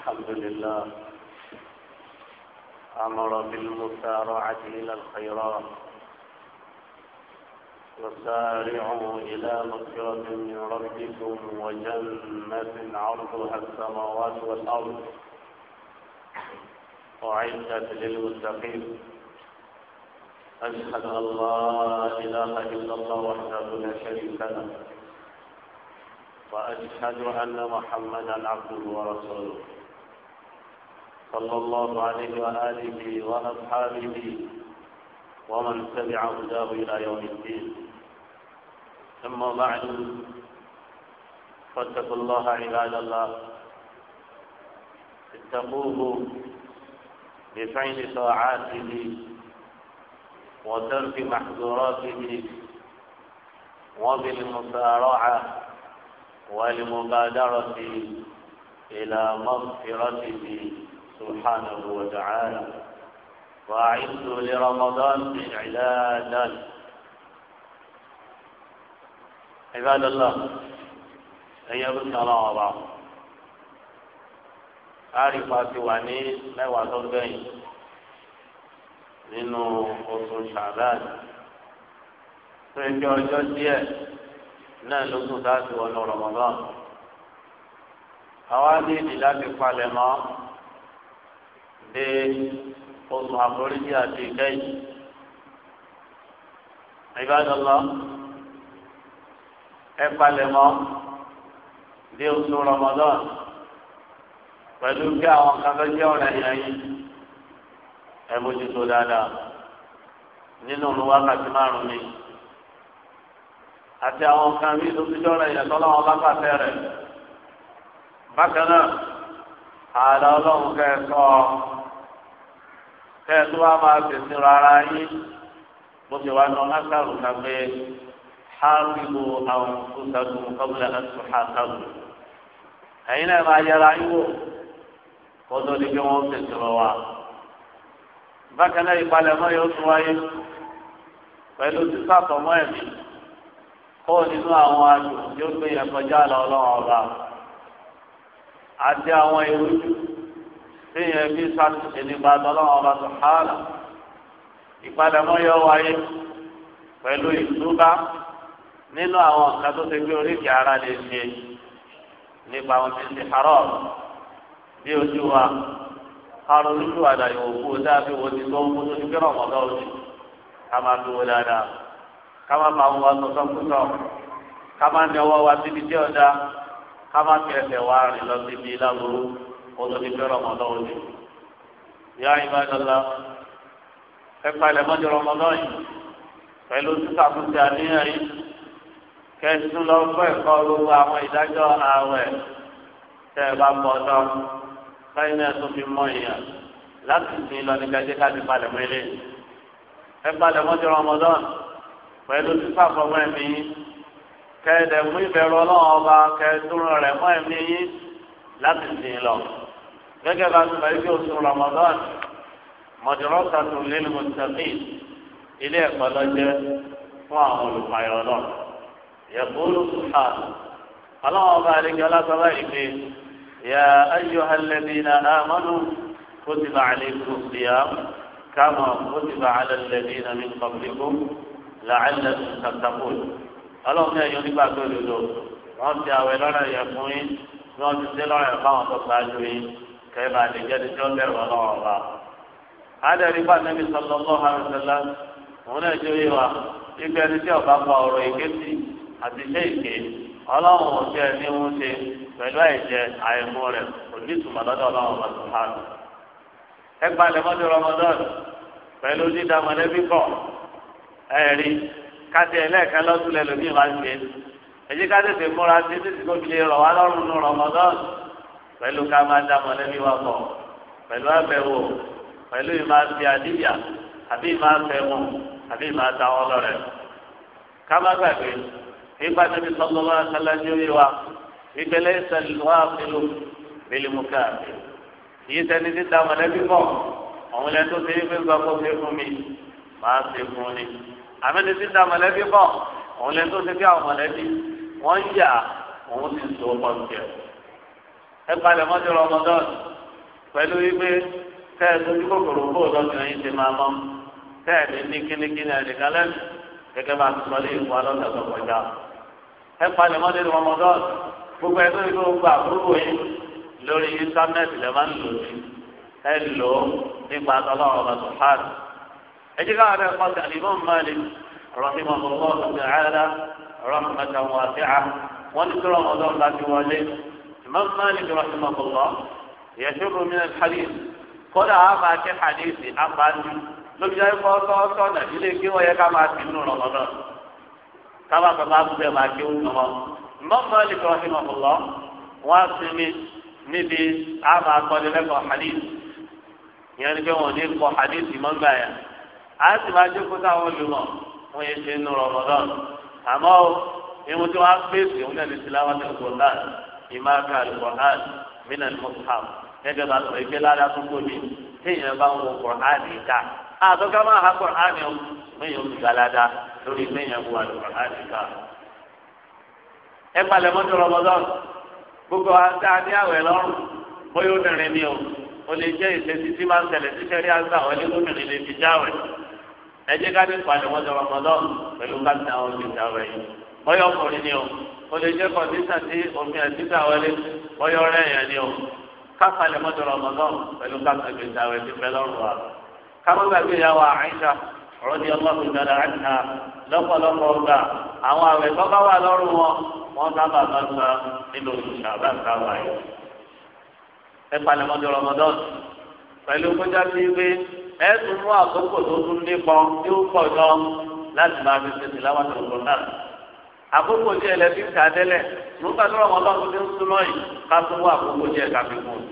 الحمد لله أمر بالمسارعة إلى الخيرات وسارعوا إلى مغفرة من ربكم وجنة عرضها السماوات والأرض أعدت للمتقين أشهد أن لا إله إلا الله وحده لا شريك له وأشهد أن محمدا عبده ورسوله صلى الله عليه وآله وأصحابه ومن تبع هداه إلى يوم الدين أما بعد فاتقوا الله عباد الله اتقوه بفعل طاعاته وترك محظوراته وبالمسارعة والمبادرة إلى مغفرته سبحانه وتعالى وأعد لرمضان من علاجا عباد الله أيها الله الله àríkọ́ àti wà ní mẹ́wàá tó gbẹ̀yìn nínú oṣù ṣàbáàdì tó ń jẹ ọjọ́ díẹ̀ náà ló kù láti wọnú Ramadan àwa ní ìdí láti palẹ̀ mọ́ pé oṣù àforíjì àti ìkẹyìn. ìbádọ́lọ́ ẹ palẹ̀ mọ́ dé oṣù rọmọdọ́n pẹ̀lú kí àwọn kan fẹ́ jẹ́ ọ̀rẹ́ yẹn yìí ẹ mójútó dáadáa nínú olùwákàtí márùn mi àti àwọn nǹkan bíi tó ti dọ́rọ̀ ìyàtọ̀ ọlọ́run bá pàṣẹ rẹ̀ bákan náà ààlà ọlọ́run kẹ́ ẹ sọ ọ kẹ́ẹ̀tù wa máa tẹ̀sí rárá yín bó ti wá nọ lásàrò kàgbé hábìbò àwọn kùsàkùn kọ́bùlà ẹ̀sùn hàkàbù. ẹ̀yin náà máa yẹra yín wò kọ́tọ́ ni bí wọ́n tẹ̀sí rọ wa. bákan náà ìpalẹ̀mọ́ yóò tún wáyé pẹ̀lú sísàtọ̀mọ́ ẹ̀mí kó nínú àwọn àjò tí gbé yẹn kọjá lọ ọlọ́run àti àwọn ìrújú yẹn bí sátúnṣe nípa tọ́lọ́wọ́n ọba sọ̀hánà ìpadàmọ́ yọ wáyé pẹ̀lú ìtúbá nínú àwọn nǹkan tó ti gbé oríkì ara lè ṣe nípa àwọn tí ń ti harọ́ bí ojú wa harọ́ lójú àdá ìwòkú dábí wo ti tó ń kú tó ti gbéràn mọ́ lọ́wọ́ sí ká máa dúró dáadáa ká máa fa àwọn aṣọ sọ́kúsọ ká máa ní ọwọ́ wa síbi tí ọ̀dá ká máa fi ẹsẹ̀ wa rìn lọ síbi láburú kótó ti fẹ́ rọmọdọ́ òde. ìyá ìbádọ́lá ẹ palẹ̀ mọ́jọ rọmọdọ́ yìí pẹ̀lú sísàkúnṣe àníyàn yìí kẹsùn lọ fún ẹ̀kọ́ gbogbo àwọn ìdájọ́ ààwẹ̀ tẹ́ ẹ bá pọ̀ tán báyìí náà tún fi mọ èèyàn láti sin lọ ní gàdé káàdì palẹ̀ mọ́ ilé. ẹ palẹ̀ mọ́jọ rọmọdọ́ pẹ̀lú sísàkúnṣe ẹ̀mí kẹ́ẹ̀dẹ̀ mú ìbẹ̀rù ọlọ́run ọba kẹ́ẹ̀dúró rẹ̀ mọ́ ẹ̀mí yín láti sin lọ gẹ́gẹ́ bá ti bàyí pé oṣù Ramadan mọ̀jọ́rọ́sà tó lé ní mọ̀tàkì ilé ẹ̀kọ́ lọ́jẹ́ fún àwọn olùpayọ̀ náà yẹ̀kúrú sùhà ọlọ́wọ́n ọba àlejò alágbára ìpè yà ayò alẹ́bìnà àmọ́nù kótìbà àlejò ìyá kàmọ́ kótìbà alẹ́bìnà mi kọ̀ọ̀kìkú làálẹ̀ tàtàkùn ọlọ́wọ́n ní ẹ̀yọ́ nígbà tó lò wọ́n ti àwẹ̀ lọ́rọ̀ yẹ fún yín wọ́n ti dé lọ́rọ̀ yẹ kẹ́ẹ̀bà lè jẹ́ ẹjọ́ bẹ̀rù ọlọ́wọ́ ọba. adẹ́rì bá nẹ́bí sọlọ lọ́wọ́ àrùsọ̀lá òun náà jó yíwa ibi ẹni tí ọba pa ọ̀rọ̀ èké sí àti iṣẹ́ ìké ọlọ́run ò jẹ́ ní wọ́n ṣe pẹ̀lú àìjẹ àìmú rẹ̀ kò ní ìtumọ̀ lọ́dọ̀ ọlọ́run ọba tó hàn. ẹ gbalẹ̀ mọ́tò rọmọdọ́n pẹ̀lú dídá mọ̀lẹ́bí kọ̀ ẹ̀rí káti ẹlẹ́ẹ̀kan fi lè rọ̀ wá lọ́rùn nù rọmọdọ́n pẹ̀lú ká máa dá mọ̀lẹ́bí wa pọ̀ pẹ̀lú àbẹ̀wò pẹ̀lú ìmáa fi àdíyà àbí ìmáa fẹ́ wọn àbí ìmáa ta wọn lọ́rẹ̀. ká má gbàgbé nípa níbi sọ́kọ́lá sálájú yìí wa ìgbẹ́lẹ́ ìsẹ̀lúwà pẹ̀lú bílímùkà yìí sẹ́ni ti dá mọ̀lẹ́bí pọ̀ òun lẹ́ tó ṣe é gbàgbọ́ ṣe fún mi máa ṣe fún ni. àmì ti dá mọ̀lẹ́bí pọ̀ òun lẹ́ tó ṣe fí àwọn mọ̀lẹ́bí wọ́n yà òun sì so pọ̀ ẹ palẹ̀ mọ́ sí rọmọdọ́n pẹ̀lú wípé kẹ́ ẹ tó kòkòrò bó lọ́sàn yín ti máa mọ́ kẹ́ ẹ ní kínníkínní ẹ̀dẹ̀kan lẹ́nu gẹ́gẹ́ bá ti sọ lé ìfọ alọ́sà tó kọjá ẹ palẹ̀ mọ́ sí rọmọdọ́n gbogbo ẹ tó yẹ kó gba àbúrò lórí íńtánẹ́ẹ̀tì lẹ́ máa ń lò sí ẹ lò ó nípa tọ́lọ́run رحمه الله تعالى رحمة واسعة imam malik rahimahullah yẹsùrù mi náà hadith kódà á máa kí hadith á máa ní lóbi jáde kọ́ sọ́ọ́sọ́ náà ilé kí wọ́n yẹ ká máa ti nù rọ̀mọ́ náà kábà bàbá àbúgbẹ́ máa kí wọ́n mọ́ imam malik rahimahullah wọ́n á sinmi níbi á máa kọ́ni lẹ́kọ̀ọ́ hadith ìyẹn ni pé wọn ò ní kọ hadith mọ́gbà yẹn á sì máa jókòó táwọn olùmọ̀ wọ́n yẹ ṣe nù rọ̀mọ́ náà àmọ́ ìwọ̀n tí wọ́n á pèsè òun náà ní ìmáàkà alukur'an mina mushaf gẹ́gẹ́ bá sọ ìgbé lára tó gbòmí téèyàn bá ń wo kur'an ìta àtọ́ká máa ha kur'an yẹn méyàn ń galada lórí méyàn wo alukur'an ìta. ẹ palẹ̀ mọ́tò rọmọdọ́n gbogbo àtà ní àwẹ̀ lọ́rùn bóyá obìnrin ni o o lè jẹ́ ìṣesí tí máa ń tẹ̀lé síṣẹ́ rí àgbà wọlé gómìnà lè fi jáwèé ẹ jẹ́ ká ní palẹ̀ mọ́tò rọmọdọ́n pẹ̀lú ká o lè jẹ́ kọ̀ǹdíṣà tí omi àti ìdáwọlé bọ́yọ̀ rẹ̀ yẹn ni o káfàlẹ̀ mọ́tò rọmọdán pẹ̀lú káfàlẹ̀ ìdáwọ̀ ẹ̀dí pẹ̀lọ́rùn wa kábọ́gbàgbé ìyàwó àìsà rọ́dí ọlọ́run ìdára àìsà lọ́pọ̀lọpọ̀ ọgbà àwọn àwẹ̀ tó bá wà lọ́rùn wọn wọ́n sábà máa gba nínú ìṣàbá ìtawà yìí. ẹ palẹ̀ mọ́tò rọmọdán pẹ̀lú kọjá sí pé ẹ tún mú àkókò tó tún nípọn tí ó pọ̀ jọ láti máa fi ṣèṣì àkókò díẹ̀ lẹ́bí ká délẹ̀ nígbà tó rọmọdọ́n ti ń súnmọ́ yìí ká tó wọ àkókò díẹ̀ ká fi kún un.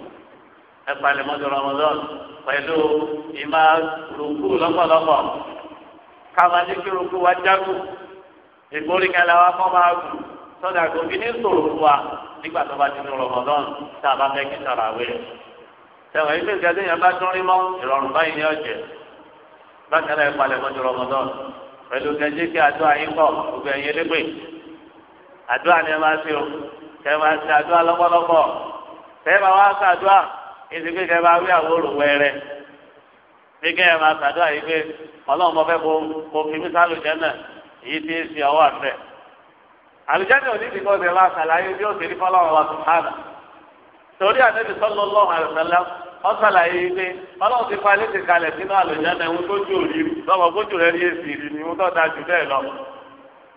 ẹ palẹ̀ mọ́tò rọmọdọ́n pẹ̀lú ìmá rúkú lọ́pọ̀lọpọ̀ káwọn ní kí rúkú wá jágùn ìgbórí kan làwọn akọ́ máa gùn sọ́dà gòkè ní sòrò fún wa nígbà tó bá ti ní rọmọdọ́n tá a bá fẹ́ kí sọ̀rọ̀ àwẹ̀. sẹ̀wọ̀n yìí fèsì ẹ̀dẹ́ yẹn bá tún rí mọ́ ìrọ̀rùn báyìí ní ọ̀jẹ̀ bákan náà ẹ palẹ̀ mọ́tò rọmọdọ́n pẹ̀lú kẹjẹ kí adó ayé gbogbo ẹ̀yẹ lẹ́gbẹ̀ẹ́. àdúrà ni ẹ máa ṣe o kẹ máa ṣe àdúrà lọ́pọ̀lọpọ̀ kẹ máa wá èsì pé kẹ máa wí àwọn olùwẹ̀ rẹ kẹ máa yìí pé ọlọ́run fẹ́ kó kó fi mí èyí ń ṣe ọwọ́ àfẹ́ àlùjẹ́nà òní ti kọ́ máa ṣàlàyé bí ó fọlọ́run wa sùhánà torí àtẹ́bí sọ́lọ́ lọ́hùn wọ́n ṣàlàyé pé ọlọ́run ti fa létí kalẹ̀ sínú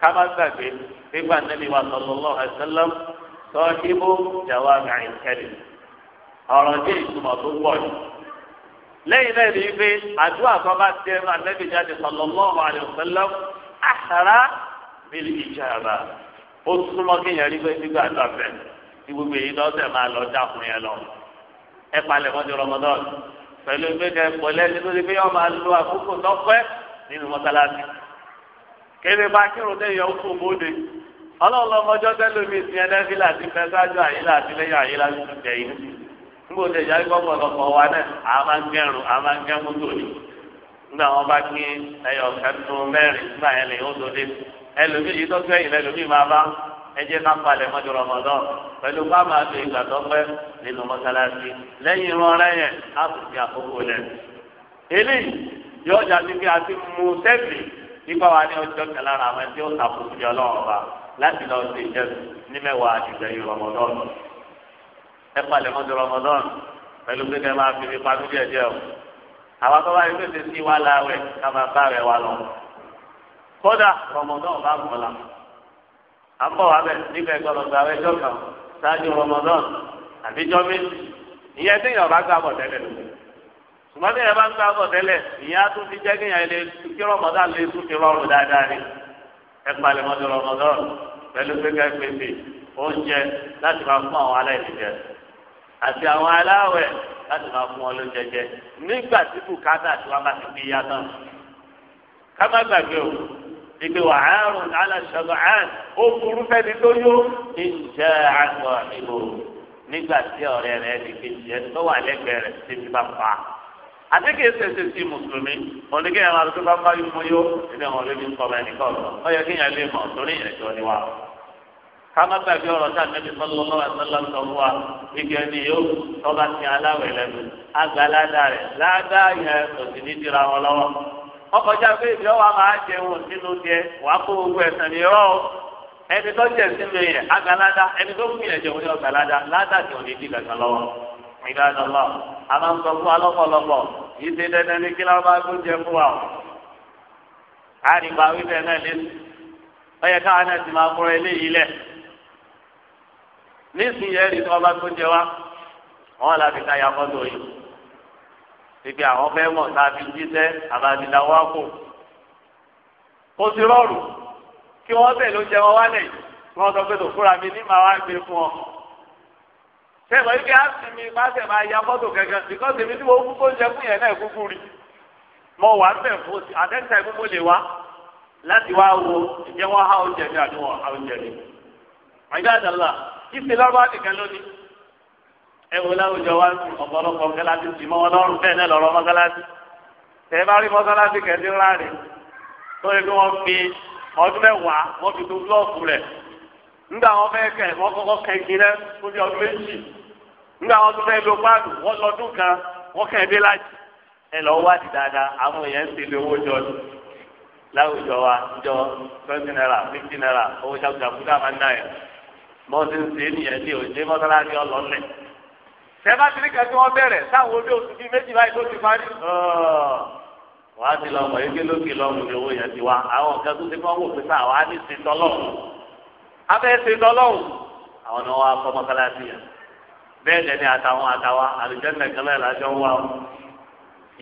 kama gbàgbé nígbà nàbí wa sallallahu alaihi wasallam sọ́ọ́dìbò jàwá gàrin kẹ́lì ọ̀rọ̀ dé ìtumọ̀ tó pọ̀ jù. lẹ́yìn náà ní pé àdúrà kan bá tẹ ànábì jáde sallallahu alaihi wasallam àhàrá bíi ìjàmbá ó súnmọ́ kéèyàn rí pé nígbà tó àfẹ́ tí gbogbo èyí lọ́sẹ̀ máa lọ dákun yẹn lọ. ẹ palẹ̀ mọ́ ti rọmọdọ́ọ̀nù pẹ̀lú ìgbẹ́kẹ̀ pọ̀lẹ́ nítorí pé yọ máa lo àkókò tọ́pẹ́ nínú mọ́sálásí. kéde bá kírun lẹ́yìn ọkọ̀ òmòde de? lọ́mọjọ́ tẹ́lómi ti ẹlẹ́fí láti fẹ́ sáájú àyílá àti lẹ́yìn àyílá ti tẹ̀ yìí nígbà òde ìyá ikọ̀ ọ̀pọ̀lọpọ̀ wa náà a máa ń gẹrun a ń gẹ mọ́tò ni nígbà wọn bá kí ẹyọ nígbà yẹn lè ó dòde yìí tọ́jú máa bá ká palẹ̀ rọmọdọ́ pẹ̀lú bá máa fi ìgbà tó pẹ́ nínú mọ́sálásí lẹ́yìn irun ọ̀rẹ́ yẹn á sì fi àkókò lẹ̀ eléyìí yọjà nígbà wa ní ọjọ́ kan lára àwọn ẹni tí ó sàkóso ìjọ ọlọ́run ọba láti lọ sí ìjẹ ní mẹ́wàá ìgbẹ̀yìn rọmọdọ́n ẹ palẹ̀ mọ́tò rọmọdọ́n pẹ̀lú pé kẹ́ máa fi fi pa lójú ẹ̀jẹ̀ o àwọn akọ́wá yìí pèsè sí wa láwẹ̀ ká máa bá rẹ̀ wa lọ. kódà rọmọdọ́n bá gbọ́ la à ń bọ̀ wá bẹ̀ nígbà ìgbọ́dọ̀ gba ẹjọ́ kan ṣáájú rọmọdọ́n àbíjọ́ méjì ìyẹn ṣùgbọ́n tí ẹ bá ń gbà bọ̀ tẹ́lẹ̀ ìyá tó fi jẹ́ kéèyàn lè kí rọmọdán lè tún fi rọrùn dáadáa ni ẹ palẹ̀ mọ́tò rọmọdán pẹ̀lú pẹ́kẹ́ pèsè oúnjẹ láti máa fún àwọn aláìníjẹ àti àwọn aláwẹ̀ láti máa fún wọn lóúnjẹ jẹ nígbà tí bùkátà tí wọn bá ti fi yá tán ká má o ìgbé wà áàrùn aláṣọgbà áàrùn ó burú fẹ́ni tó yó ìjẹ́ àgbọ̀ nígbà tí ọ̀rẹ́ rẹ̀ ti fi jẹ́ tó wà lẹ́gbẹ̀ẹ́ rẹ̀ ti fi bá pa á. àtẹ́kẹ́ ẹsẹ̀ sí mùsùlùmí oníkẹ́ ẹ̀rọ àti bá bá yún yó ilé wọn lórí nkọ́mọ ẹnìkan ọ kí yẹn torí ni wa. kámá gbàgbé ọ̀rọ̀ tá àtẹ́kẹ́ sọ́lọ́ lọ́wọ́ àtọ́lá ń sọ wa ibi ẹni yóò tọ́ba ti aláwẹ̀ lẹ́nu àgbà ládàá rẹ̀ ládàá yẹn kò ní dira wọn lọ́wọ́. ọkọjá pé ìbí ọwọ́ wàá kó gbogbo ẹni tó jẹ àgbà ládàá ẹni tó ìbádọ́lọ́ a máa ń sọ fún wa lọ́pọ̀lọpọ̀ yìí ṣe dandan ní kí lọ́wọ́ bá tó jẹ fún wa o. a rí ba wípé náà lé ọ yẹ káwọn náà ti máa múra eléyìí lẹ̀ nísìnyí ẹ̀rí tí wọ́n bá tó jẹ wa wọ́n láti ká ya fọ́tò yìí ibi àwọn fẹ́ mọ̀ tàbí jíṣẹ́ àbádìláwọ́ àpò kò sí rọrùn kí wọ́n bẹ̀ ló jẹ wọn wálẹ̀ kí wọ́n sọ pé tòkúra mi ní màá wá gbé fún ọ sẹ́wọ̀n yìí kí á sì mi má sẹ̀ máa ya fọ́tò kankan because èmi tí mo kú tó ń jẹ fún yẹn náà kúkú rí mo wà bẹ̀ fún àtẹ́sẹ̀ mi mo lè wá láti wá wo ìjẹ́ wọ́n há oúnjẹ mi àti há oúnjẹ mi. àyíká àdàlà ìsìn lọ́rọ́ àdìgẹ́ lónìí ẹ wo láwùjọ wa ọ̀pọ̀lọpọ̀ mọ́sálásí ti mọ́ ọlọ́run bẹ́ẹ̀ náà lọ́rọ́ mọ́sálásí tẹ̀ bá rí mọ́sálásí kẹ́ẹ́dínláàrin tó yẹ kí wọ́n fi ọdún mẹ́wàá wọ́n fi tó búlọ́ọ̀kù rẹ̀ nígbà wọn fẹ́ kẹ́ wọ́n kọ́kọ́ kẹ́kí rẹ́ fún bí ọdún méjì nígbà wọn tún fẹ́ lo páàdù wọn lọ́dún kan wọn kàn dé láti ẹ lọ wá di dáadáa àwọn èèyàn ń tẹ̀lé owó jọ láwùjọ wa jọ twenty naira fifty naira owó ṣàkóso náà máa ń dá yẹn ń ṣe nìyẹn ní òjé mọ́sálásí ọlọ́lẹ̀. sẹ́fà tí nìkan tí wọ́n bẹ̀rẹ̀ táwọn olú oṣù bíi méjì báyìí ló ti parí. wàá ti lọ mọ̀ ike lókè lọ́rùn ní owó yẹn ti wá àwọn kan tó ti fọ́n wò pé sáà wọ́n á kọ́ mọ́sálásí yẹn bẹ́ẹ̀ dẹ́ni àtàwọn àtàwa àlùjẹ́nà kẹlẹ́ làjọ ń wá o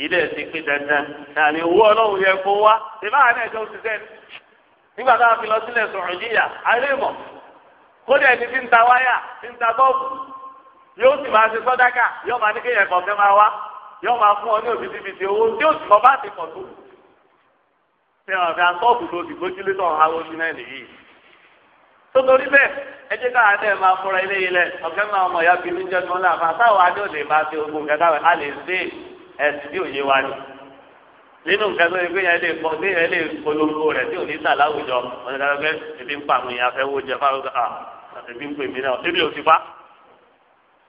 ilé ti pín dandan tàbí owó ọlọ́run yẹ kó wá ìbá àná ẹ̀jọ́ òṣìṣẹ́ nígbà tá a fi lọ sílẹ̀ sọ̀rọ̀ yíyà alẹ́ mọ̀ kódà ẹni tí ń ta wáyà tí ń ta bọ́ọ̀bù yóò sì máa ṣe sọ́dákà yóò máa ní kéèyàn kọ̀ọ̀kẹ́ máa wá yóò máa fún ọ ní òbítíbitì owó tí ó sì mọ bá ti pọ̀ tó. ṣé ọ̀gá bọ́ọ̀bù tó gbójúlé tó ń ha náà nìyí tótórí bẹ́ẹ̀ ẹ jẹ́ káà dẹ́ máa fúnra ilé yìí lẹ̀ ọ̀kẹ́ máa ọmọ ìyá bíi níjẹ́ tó ń là fún adé òde máa ti ogun kẹta wẹ̀ á lè dé ẹ̀sìn òye wa ni nínú nǹkan tó yẹ pé lè pọ ní lè polongo rẹ̀ tí ò ní láwùjọ ọ̀sẹ̀ kan fẹ́ ebi ń pa àwọn èèyàn fẹ́ wo jẹ fáwọn ká ah, ebi ń pè mí náà ebi ò ti fa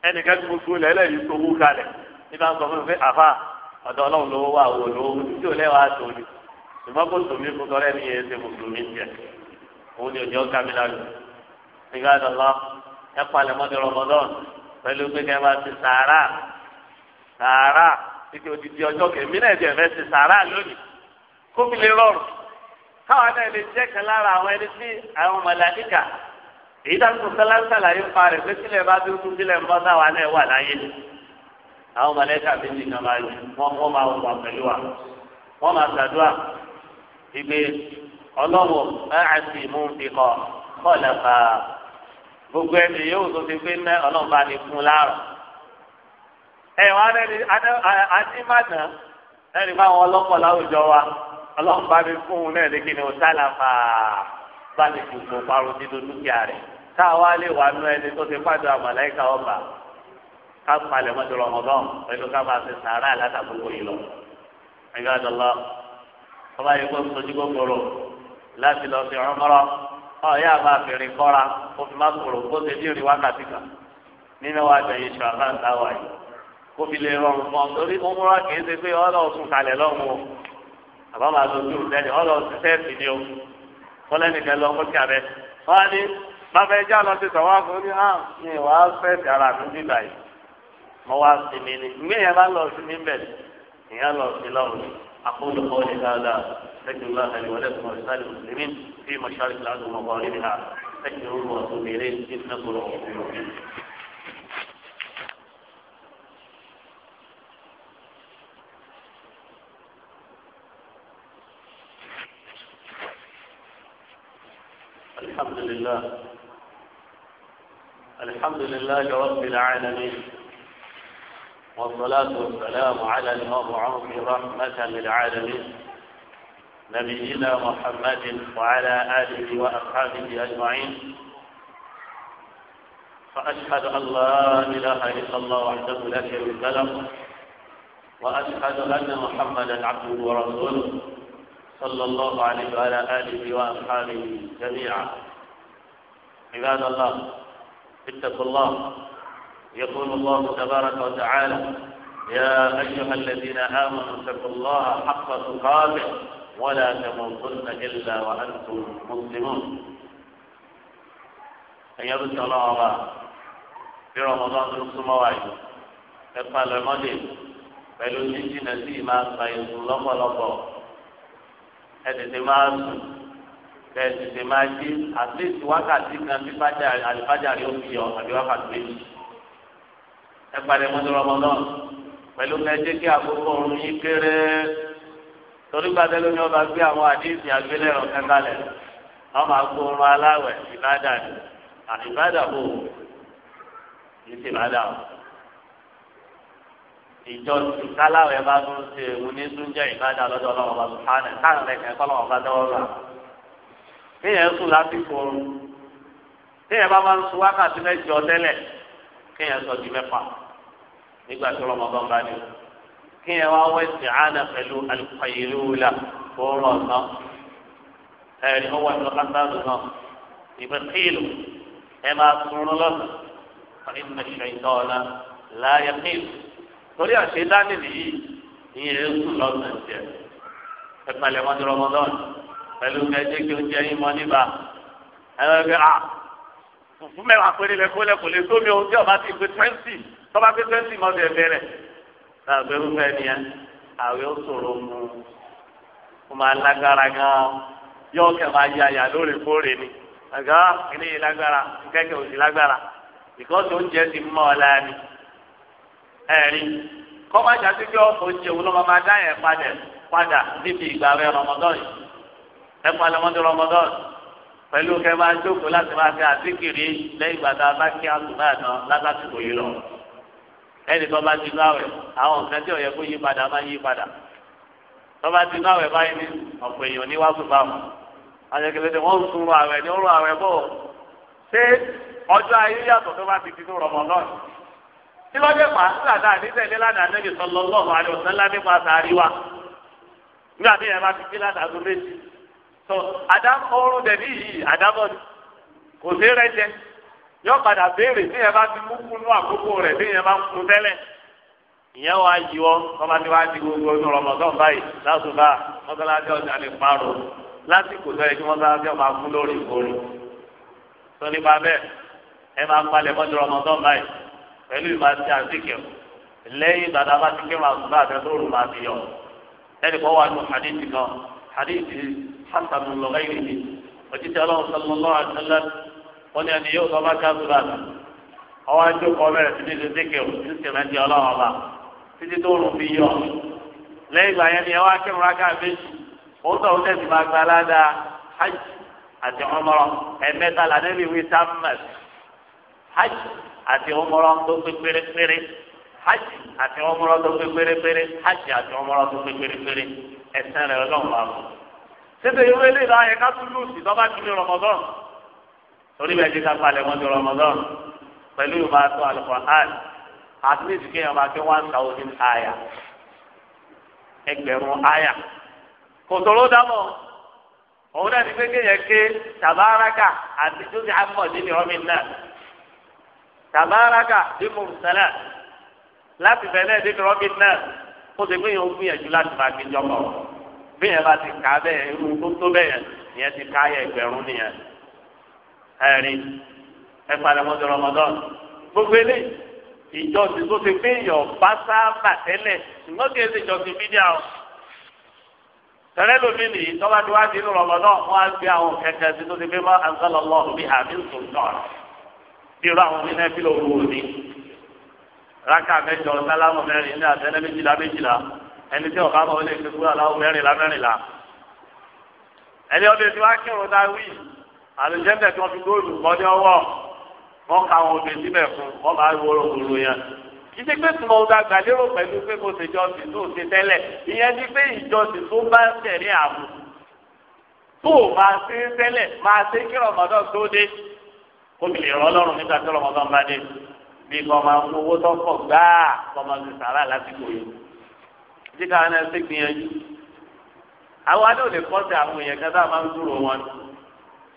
ẹnìkan tí mo gbó lẹ̀ ẹlẹ́yìí tó wú kalẹ̀ nígbà tó fún mi pé àfa ọ̀dọ̀ ọlọ́run lówó wà wò lówó tí ò lẹ́wàá tó ni ṣùgbọ́n kó tòmí kó tọ́lẹ́ ní yẹn jẹ òun ni òjò kábílà lò nígbà tó lọ ẹ palẹ̀ mọ́ di rọmọdọ́n pẹ̀lú pé kẹ́ bá ti sàárà sàárà títí odidi ọjọ́ kẹ̀mí náà ẹ̀jẹ̀ fẹ́ ti sàárà lónìí kó mi lè rọrùn káwọn náà lè jẹ́ kan lára àwọn ẹni tí àwọn màláíkà èyí dáhùn tó sẹ́lá ń sàlàyé ń parẹ́ pé sílẹ̀ bá dúró tún sílẹ̀ ń bọ́ sáwa náà wà láyé àwọn màláíkà méjì kan máa wọ́n máa wà pẹ̀lú wa wọ́n máa ṣàdúrà ìgbé ọlọ́wọ́ àti múndìkọ kọlẹ́fà gbogbo ẹni yóò tó ti pé ná ọlọ́mọba ni fún láàrọ̀. ẹ wá lẹ́ni adímànà lẹ́ni báwọn ọlọ́pọ̀ láwùjọ wa ọlọ́mọba ni fún un náà ní kíni ọ̀sálàfà bá lè gbogbo parun nínú dúkìá rẹ̀ táwa lè wà nú ẹni tó ti pàdé àmàlẹ́kà ọba ká palẹ̀ mọ́tò rọmọdán pẹ̀lú ká máa ṣe sàárà látàkùn yìí lọ. ẹgbẹ́ àdọ́lọ́ ọba yìí kó ń sojú gbogbo rò láti lọ sí ọmọrọ ọyá àbá fèrè kọra kó fi má kúrò kó ṣe dín rí wákàtí kan nínú wa jẹ yìí ṣàlá ìdáwà yìí kó fi lè rọrùn mọ torí ọmọrọ kìí ṣe pé ọlọ́ọ̀sùn kalẹ̀ lọ́wọ́ o àbá máa lọ sí òtẹ́ẹ̀lì ọlọ́ọ̀sùn sẹ́ẹ̀sì ni o kọ́lẹ́nìkan lọ kó kíabẹ́ wọ́n á ní bàbá ẹjọ́ àlọ́ ti sọ̀wọ́ àfọ̀ ní à ah, ní wà á fẹ́ẹ̀sì ara mi أقول قولي هذا أستغفر الله لي ولكم ولسائر المسلمين في مشارق الأرض ومغاربها الله وأتوب إليه إن غفور الحمد لله الحمد لله رب العالمين والصلاة والسلام على المبعوث رحمة للعالمين نبينا محمد وعلى آله وأصحابه أجمعين فأشهد أن لا إله إلا الله وحده لا شريك له وأشهد أن محمدا عبده ورسوله صلى الله عليه وعلى آله وأصحابه جميعا عباد الله اتقوا الله يقول الله تبارك وتعالى يا أيها الذين آمنوا اتقوا الله حق تقاته ولا تموتن إلا وأنتم مسلمون أيها الله في رمضان السماوات قال المدين pẹ̀lú títí náà sì máa gba èso هذه ẹ tètè máa sùn ẹ tètè máa jí àti wákàtí يوم bí يوم rí ó ẹgbàdé mọ́tòrọ́mọ́tò pẹ̀lú kẹjẹ kí àkókò ọ̀run yín kéré torí gbàdé lómi ọba gbé àwọn àdéhùn àgbélẹ̀rọ kẹkálẹ̀ ọmọ àgbo ọrùn aláwẹ̀ ní ti o ìjọ ìkáláwẹ̀ bá tún ṣe òun ní tún jẹ́ lọ́dọ̀ ọlọ́wọ́ bá tún sáà káàrin lẹ́kẹ̀ẹ́ kọ́lọ́wọ́ bá dọ́wọ́ rà kéèyàn sùn lásìkò oorun bá máa ń sun wákàtí mẹ́jọ tẹ́lẹ̀ kéèyàn sọ di mẹ́fà nígbà tí Ramadan bá dé kéèyàn wá wẹ́ sí àná pẹ̀lú alùpàyẹ̀lúwìlà kóró náà ẹ̀rí ọwọ́ ìlọ́kàtàdù náà ìgbẹ́ kílù ẹ máa sunrun lọ́nà ọ̀rí mẹ́sàn ìtọ́ ọ̀la láàyè kílù torí àṣẹ dání nìyí ìyẹn ń sùn lọ́nà jẹ ẹ wọn di Ramadan pẹ̀lú kẹjẹ kí oúnjẹ yín mọ́ níbà ẹ lọ́ọ́ fùfú mẹ́wàá péré lẹ kó lẹ kò lè tómi ohun tí ọba ti pé twenty tọ́ba pé twenty mọ́ bẹ̀rẹ̀ bẹ̀rẹ̀ ẹ àwẹ̀ mu ó máa lágbára gan-an yóò kẹ́ máa lóòrèkóòrè ni àgá kìíní yìí lágbára kẹ́kẹ́ òsì lágbára oúnjẹ ti mọ́ ọ lára ni kọ́má jáde oúnjẹ máa dá yẹn padà níbi ìgbà rẹ pẹ̀lú kẹ́ máa jókòó láti máa fi àtìkiri lẹ́yìn ìgbà tá a bá kí àtúbà náà látàkùkò yìí lọ. ẹnì kan bá ti láwẹ̀ àwọn nǹkan tí ọ̀yẹ́ kó yí padà máa yí padà. tọ́ba ti láwẹ̀ báyìí ní ọ̀pọ̀ èèyàn ní wàásù bá wọn. àjẹkẹ̀lẹ̀ tí wọ́n ń sunrun àwẹ̀ ní òórùn àwẹ̀ bò ó. ṣé ọjọ́ ayé yàtọ̀ tó bá ti di tó rọmọ náà? tí lọ́jọ́ pàṣẹ àdá àdí tó àdámọ́ oorun dẹ̀ níyì àdámọ́ ni kò sí rẹ jẹ yọ padà béèrè tí yẹn bá ti mú kúnú àkókò rẹ tí yẹn bá ń kun tẹ́lẹ̀ ìyẹn wàá yí ọ tọ́ba tí wàá di gbogbo ọdún rọmọdún báyìí lásùbà mọ́tàlájọ́ ọjà lè parọ́ lásìkò tó yẹ kí mọ́tàlájọ́ máa kú lórí ìkórè tó nípa bẹ́ẹ̀ ẹ máa palẹ̀ mọ́tò rọmọdún báyìí pẹ̀lú ìmọ̀ àti àzíkẹ̀ lẹ́yìn dàda bá ti kírun àzùbà àtẹ́tòrò máa fi yọ ẹnì kan wà nù hasanu lọ́gá ìdílé òjijì ọlọ́run sọlọ lọ́wọ́ àtẹlẹ wọn ni ẹni yóò sọ bá ká sùrà nù ọwọ́ àjọkọ̀ bẹ̀rẹ̀ sí ní ṣèṣèkè ò ní sèmẹ́ di ọlọ́run ọba títí tó rùn fi yọ lẹ́yìn ìgbà yẹn ni ẹ wá kírun rákà méjì ó sọ ó tẹ̀sí máa gba aládàá hajj àti ọmọrọ ẹ̀mẹ́ta lànàbí wí sámẹ́t hajj àti ọmọrọ tó pé pérépéré hajj àti ọmọrọ tó pé pérépéré hajj àti ọmọrọ tó pé pérépéré ẹ̀sẹ̀ rẹ̀ ọlọ́run wà fún un síbi ìwé ilé ìlà ayẹ ká tún lùsì tó bá ti ní rọmọdán torí bẹ́ẹ̀ ti ká palẹ̀ mọ́ ti rọmọdán pẹ̀lú ìmọ̀ àtọ́ alukur'an àti ní ìsìnkú yẹn máa fi one thousand aya ẹgbẹ̀rún aya kò tóró dámọ̀ òun náà ti pé kéèyàn ké tabaraka àti jókè amọ̀dé ní ọmọ iná tabaraka bímúrúsálà láti bẹ̀rẹ̀ ní ọmọ iná kó o ti yẹn ó láti máa fi jọmọ̀ bí yẹn bá ti kà bẹ́ẹ̀ irú tó tó bẹ́ẹ̀ yẹn ti ká yẹ ẹgbẹ̀rún nìyẹn ẹ̀rí ẹ padà mọ́tò rọmọdọ́n gbogbo ilé ìjọsìn tó ti pé yọ̀ bá sábà tẹ́lẹ̀ ṣùgbọ́n kì í ṣe ìjọsìn bídíà o tẹ́lẹ̀ lómi nìyí tọ́ba tí wàá di inú rọmọdọ́n wọ́n á gbé àwọn kẹ̀kẹ́ sí tó ti pé mọ́ àǹsálọ́lọ́ bí àmì sùnkàn irú àwọn oníná ẹbí ẹni tí ọ̀gá bọ̀ lè fi kúrò aláwọ̀ mẹ́rìnlá mẹ́rìnlá. ẹni ọdún tí wàá kírun dá wí àlùjẹ́ńdẹ̀ tí wọ́n fi góòlù kọ́ ní ọwọ́ wọ́n ka àwọn obìnrin síbẹ̀ fún wọ́n bá wọ́rọ̀ òru yẹn. ìdí pé tí mo gba gbàlérò pẹ̀lú pé mo ṣe jọ́sìn tó ṣe tẹ́lẹ̀ ìyẹn ni pé ìjọsìn tó bá tẹ̀lé àbù tó máa ṣe ń tẹ́lẹ̀ máa ṣe kí rọmọdán tó dé kó mi lè rọ ọlọ́run nígbà tí rọmọdán bá dé bí kò máa ń owó tó pọ̀ gbáà kò máa ń sàrà lásìkò yìí tí káà náà ṣe gbìyànjú àwọn adé ò lè kọ́sẹ̀ àwọn èèyàn kan tá a máa ń dúró wọn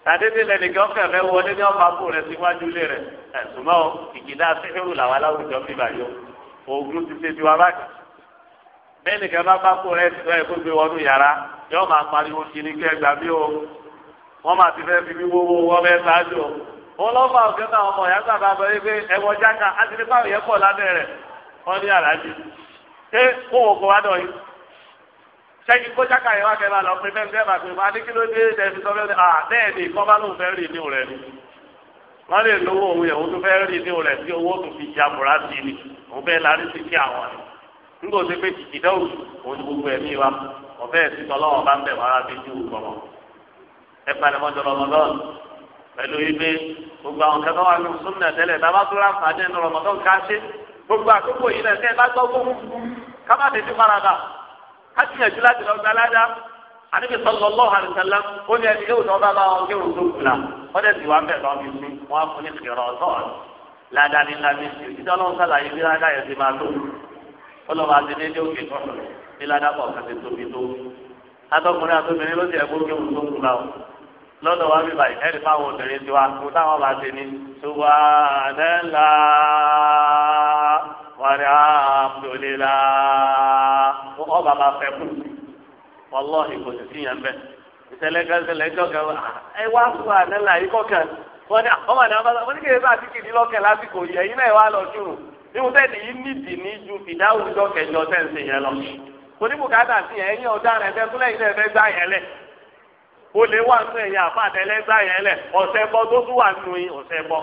tàdédé lẹ́nìkan fẹ̀fẹ́ wọlé ní ọba kó rẹ̀ síwájú lé rẹ̀ ẹ̀sùnmọ́ ìkìlá sẹ́fẹ̀rù làwọn aláwùjọ bí bàyọ̀ oògùn ti ṣe ju abájọ bẹ́ẹ̀ nìkan bá bá kó rẹ̀ sọ ẹ̀ kó gbé wọnú yàrá yóò máa pariwo kí ni kẹgbà bí o wọ́n máa ti fẹ́ fi bí wọ́wọ́ wọ́n fẹ́ ṣáájú o wọ́n lọ́ fà ọ̀gẹ́ náà ọmọ yàtọ̀ àbábọ̀ yìí pé ẹ̀wọ̀n jáka á ti ní pàrọ̀ yẹ ní àlàájì ṣé kó o kò wá dọ̀ yìí sẹ́yìn kó jáka yẹn wá kẹ́ bá lọ pé fẹ́ẹ́ fẹ́ẹ́ bá pé máa ní kí ló dé tẹ̀sí sọ fẹ́ẹ́ à bẹ́ẹ̀ ni kọ́ bá lóun fẹ́ẹ́ rí níwò rẹ̀ ni wọ́n lè lówó òun yẹn òun tó fẹ́ẹ́ rí níwò rẹ̀ tí owó tó fi ja bùrá sí ni òun bẹ́ẹ̀ larí sí kí àwọn ni nígbà tó pé kìkì náà òun ni gbogbo ẹ̀mí wa ọ̀fẹ́ ẹ̀sìn tọ́lọ́wọ́ bá ń bẹ̀ wá bí ju gbọ̀mọ̀ ẹ pẹ̀lú ibẹ̀ gbogbo àwọn kẹfẹ́ wa ní súnmọ̀ tẹ́lẹ̀ tá a bá tó ráǹfààní gbogbo àkókò yìí náà sẹ́yìn bá gbọ́ fún kábà tètè farada ká gbìyànjú láti lọ gbalada àníbi sọlọ lọ́wọ́ àlùsálà ó ní ẹni kéwòn tó bá bá wọn kéwòn tó kùnà wọ́n dẹ̀ sì wá ń bẹ̀ lọ́wọ́ mi sí wọ́n á fún ní kìrọ̀ ọ̀tọ̀ ládàá ní lábí sí ìdíjọ́ lọ́wọ́ sàlàyé bí ládàá yẹn ti máa tó ọlọ́wọ́ àti ní ilé òkè tó ní ládàá pọ̀ kàtí tóbi tó atọ́kùnrin àtọ́kùnrin ló ti ẹ̀kọ́ kéwòn tó kùnà o lọ́dọ̀ wa bíbáyìí ẹ̀rí fáwọn obìnrin tiwa kó táwọn bá ti ní ṣùgbọ́n àdẹ́ńlá ni alhamdulilá ọba máa fẹ́ kú wàlọ́ọ̀hì kò sì síyàn bẹ́ẹ̀ ìṣẹ̀lẹ̀ kan ẹ wá fún àdánlá yìí kọ̀ọ̀kan wọ́n ní ní lásìkò ju jọ kẹjọ yẹn lọ kò ní bùkátà sí yẹn gbá yẹn lẹ̀ o lè wà yẹn lẹ̀ ọ̀sẹ̀ bọ́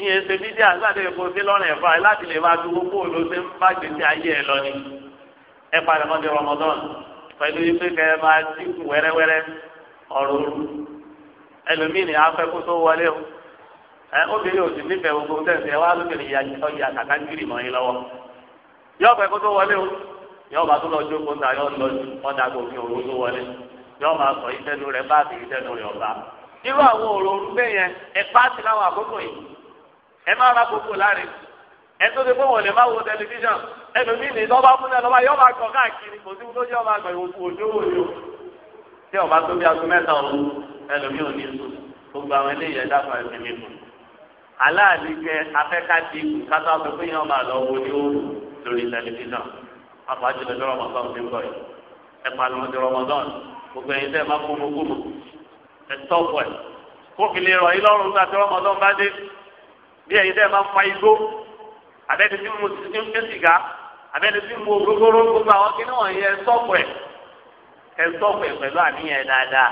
ìyẹn ṣe bídí àgbàdo èkó sí lọ́rùn ẹ̀fọ́ ẹ láti lè máa dúró kó ló ṣe ń bá gbèsè ayé ẹ lọ ni ẹ padà mọ́ di Ramadan pẹ̀lú ife kẹ máa dínkù wẹ́rẹ́wẹ́rẹ́ ọ̀rọ̀ òru ẹlòmíì ni afẹ́ kó tó wọlé o ẹ obìnrin ò sì nífẹ̀ẹ́ gbogbo tẹ̀sí ẹ wá lóbìnrin ìyá ọjà kiri mọ́ yín lọ́wọ́ yọ ọ̀pẹ kó tó wọlé o yọ ọba tó lọ jókòó ta yọ lọ ọ̀dà gòkè òru tó wọlé yọ máa sọ ìtẹnu rẹ bá àti ìtẹnu rẹ ọba irú àwọn òrò orúgbẹ yẹn ẹ má ra gbogbo láàrin ẹ tó ti pé wọn lè má wo tẹlifíṣàn ẹlòmíì ní lọ́ba fún ẹ lọ́ba yóò máa gbọ̀n káàkiri kò sí ohun tó jẹ́ ọba àgbà ìwòsàn òjò òjò tí ọba tó bí aago mẹ́ta ọ̀hún ẹlòmíì ò ní sùn gbogbo àwọn eléyìí ẹ̀dá fún ẹ̀sìn mi kù. aláàlí jẹ afẹ́kàtì kátó afẹ́fẹ́ yẹn máa lọ wo ní òòlù lórí tẹlifíṣàn àfàjùlọ ní rọmọdán ti ń bọ̀ yìí ẹ pàlọ́ ní rọmọdán gbogbo ẹ̀yin tẹ́ ẹ bí ẹ̀yin sẹ́yìn máa ń fa igbó abẹ́ni tí mo ti ń ké sìgá abẹ́ni tí mo gbogbooro gbogbo àwọn kí náà yẹ sọ́pọ̀ ẹ̀ ẹ̀ sọ́pọ̀ ẹ̀ pẹ̀lú àníyàn dáadáa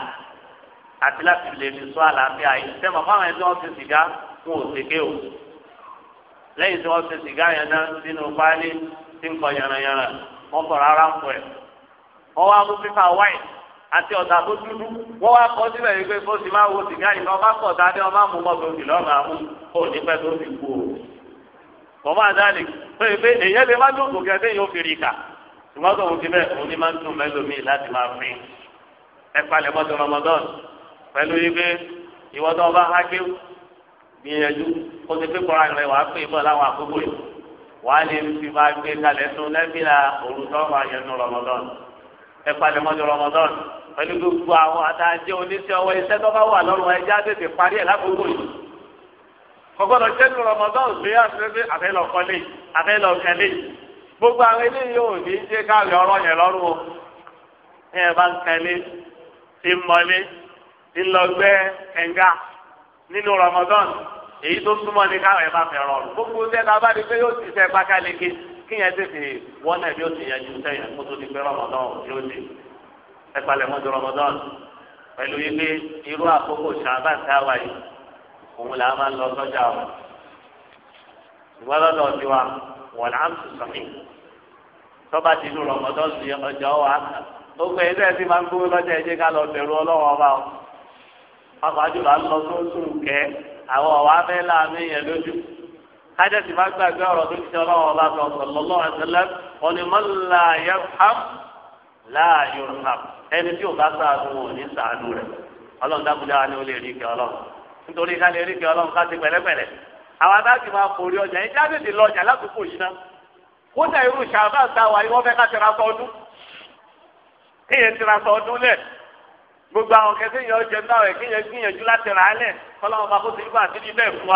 àti láti lè fi sọ àlàáfíà yìí sẹ́yìn máa fáwọn ẹni tí wọ́n ti sìgá wọn ò ṣèké o lẹ́yìn tí wọ́n ti sìgá yẹn náà sínú páálí tí ń kọ yànnàyànnà wọ́n kọ̀ rárá ń pọ̀ ẹ̀ wọ́n wá mú pípa wáìtì àti ọ̀tà tó dúdú wọ́n wá kọ́ síbẹ̀ yìí pé kó sì máa wo sìgá yìí lọ́ọ́ bá pọ̀ tá a ní ọmọ àmú mọ́tò sì lọ́ọ́ máa mú kó o ní pẹ́ tó sì kú o. wọ́n máa dá lè pé pé èyẹ́ lè má dùn òkè ẹgbẹ́ yóò fi rí kà ṣùgbọ́n tó ń ti bẹ́ẹ̀ òun ni máa ń dùn mẹ́lòmíì láti máa fi ẹ palẹ̀ mọ́tò Ramadan pẹ̀lú yìí pé ìwọ tó bá hákẹ́ gbìyànjú kó ti pé kọ́ra rẹ̀ wàá pè bọ́ láwọn àkókò yìí wàá lè fi máa gbé kalẹ̀ tún lẹ́bí la òru tó máa yẹnu Ramadan ẹ palẹ̀ mọ́tò Ramadan pẹ̀lú gbogbo àwọn àtàjẹ́ oníṣẹ́ ọwọ́ iṣẹ́ tó bá wà lọ́rùn ẹja tètè parí ẹ̀ lákòókò yìí. kọ́kọ́dọ̀ jẹ́nu rọmọdán òṣèré àfẹ́fẹ́ àfẹ́lọ́kọ́lé àfẹ́lọ́kẹ́lé gbogbo àwọn eléyìí ò ní jẹ́ káàrí ọ̀rọ̀ yẹn lọ́rùn o. ẹ bá ń kẹ́lé ti mọ́lé ti lọ́gbẹ́ kẹ̀ǹgà nínú rọmọdán èyí tó súnmọ́ ní káwọn ẹ̀ bá fẹ́ rọrùn gbogbo ṣẹ́ ta bá di pé yóò ti fẹ́ pákáleke kíyẹn tètè wọ́n náà yóò ti yẹn ju sẹ́yìn kó tó di pé rọmọdán yóò dé ẹ̀pàlẹ̀ mọ́jọ rọmọdọ́n pẹ̀lú ilé irú àkókò ṣàbàn táwa yìí òun là máa ń lọ sọ́jà o ìwọ́n lọ́dọ̀ tiwa wọ̀n là ń sùn sọ́mi tọ́ba ti lu rọmọdọ́n sí ọjà wa ó pè é bẹ́ẹ̀ sì máa ń gbówó lọ́jà ẹ̀jẹ̀ ká lọ bẹ̀rù ọlọ́wọ́ ọba o pàápàá jùlọ à ń lọ sóòtù kẹ́ àwọn ọ̀wá fẹ́ láàmú yẹn lójú kájà sì má gbàgbé ọ̀rọ̀ tó ti ṣe ọlọ́wọ́ ọba sọ̀tọ̀ láàyò rẹ̀ ẹni tí ò bá sáànù wò ní sáànù rẹ̀ ọlọ́run dákúndá ni ó lè rí kẹ ọlọ́run nítorí ká lè rí kẹ ọlọ́run ká ti pẹ̀lẹ́pẹ̀lẹ́ àwọn adáàkì máa forí ọjà ẹ̀jẹ̀ á tètè lọ ọjà lákòókò yìí ná kódà irú ṣàbá àtàwà yìí wọ́n fẹ́ ká tẹ̀ra sọ ọdún kéèyàn tẹ̀ra sọ ọdún lẹ̀ gbogbo àwọn kẹsẹ̀ yẹn ọjẹ́ ń báwẹ̀ kéèyàn gbìyànjú láti rà á lẹ̀ kọ́lọ́wọ́n bá kó ti gbà sí bíbẹ̀ fún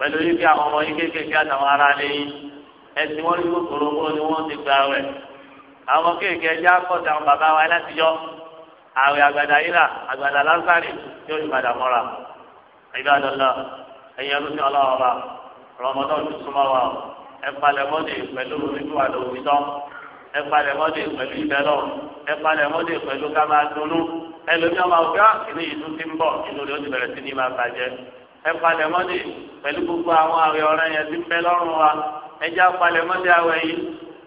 pẹ̀lú ibi àwọn ọmọ yín kéékèèké àtàwọn ará lẹ́yìn ẹsìn wọn ní kòkòrò owó ni wọ́n ti gba rẹ̀ àwọn kéékèèké ẹjẹ́ akọ̀dà àwọn bàbá wa látijọ́ àwẹ̀ àgbàdà yìlà àgbàdà lásàrì yóò ti padà mọ́ra ìgbà dọ̀là ẹ̀yìn ọdún ní ọlọ́wọ́ wa rọmọdọ́ ti súnmọ́ wa ẹ̀palẹ̀mọ́dé pẹ̀lú onídùúwà lòwì tán ẹ̀palẹ̀mọ́dé pẹ̀lú ìbẹ́lọ̀ ẹ̀palẹ̀mọ́dé pẹ̀lú ká máa dunnú ẹlòmíọ́ máa gbá ìlú ìlú ti ń bọ̀ ìlú ti bẹ̀rẹ̀ sí ní máa bàjẹ́ ẹ palẹ̀ mọ́dé pẹ̀lú gbogbo àwọn àwẹ̀ ọ̀rẹ́ yẹn ti ń bẹ lọ́rùn wa ẹ já palẹ̀ mọ́dé àwẹ̀ yìí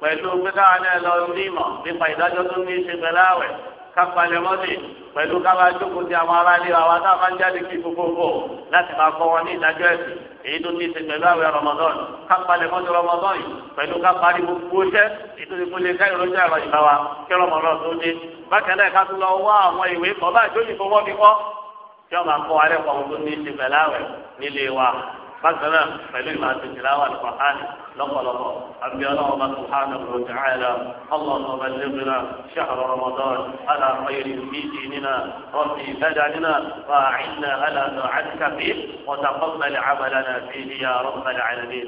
pẹ̀lú pẹ́ká náà lọ ní ìmọ̀ nípa ìdájọ́ tó ní í ṣe pẹ̀lú àwẹ̀ ká palẹ̀ mọ́dé pẹ̀lú ká máa jókòó ti àwọn aráàlú àwa tá a máa ń jáde kí gbogbogbò láti máa kọ́ wọn ní ìdájọ́ ẹ̀sìn èyí tó ní í ṣe pẹ̀lú àwẹ̀ rọmọdọ́n ká palẹ̀ rọmọdọ́n yìí pẹ̀lú ká gbogbo iṣẹ́ èyí tó ti kó lè ká ìrọ́jú ẹ̀rọ ìbáwa kí rọmọdọ́n tó dé bákan náà ká tún lọ wá àwọn ìwé kọ́ báyìí tó yìnbọn wọ́n kọ́ tí wọn máa kọ́ alẹ́ kọ́ ohun tó ní í ṣe pẹ̀lú àwẹ̀ nílé wa bákan náà pẹ̀lú ìmọ̀tò ìlàwọ̀ àlùfáàn lọ́pọ̀lọpọ̀ àbí ọlọ́wọ́ bá tún hàn lọ́wọ́ jàáyà اللهم بلغنا شهر رمضان على خير في ديننا وفي بدننا وأعنا على طاعتك فيه وتقبل عملنا فيه يا رب العالمين